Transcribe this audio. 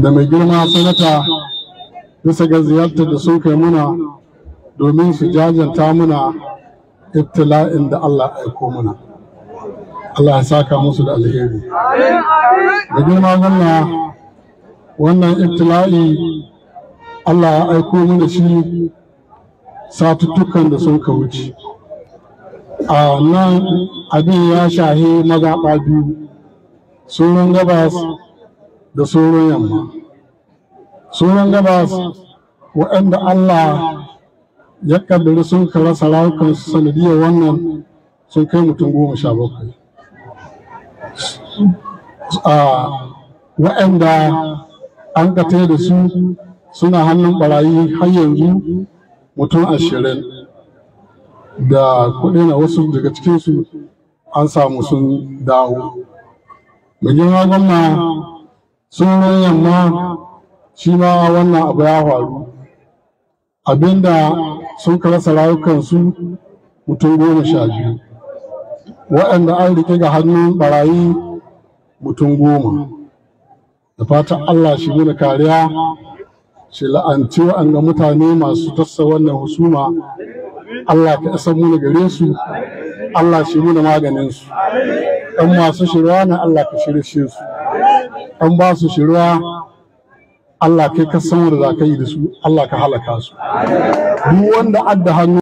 da mai girma sanata bisa ga ziyartar da sun kai muna domin su jajanta muna ibtila'in da Allah aiko muna. Allah ya saka musu da alheri. Da girma wannan wannan ibtila'i Allah ya aiko muna shi satuttukan da sun ka wuce. A nan abin ya shahe mazaɓa biyu, sunan gabas da sauran yamma sauran gabas waɗanda Allah ya ƙaddari sun kara sarakun sanadiyar wannan sun kai mutum goma sha bakwai waɗanda an kate da su suna hannun barayi har yanzu mutum ashirin da kuɗi na wasu daga cikinsu an samu sun dawo. Mai girma gwamna sunan yamma shi ma wannan abu ya faru abinda sun karasa rayukansu mutum goma sha biyu waɗanda an rike ga hannun barayi mutum goma da fatan allah shi mana kariya shi la'anci waɗanda mutane masu tassa wannan husuma allah ka isa muna gare su allah shi muna maganinsu ɗan masu shirwa na Allah ka shirye su ɗan ba su shirwa Allah kai ka san wanda za ka yi da su Allah ka halaka su duk wanda adda hannu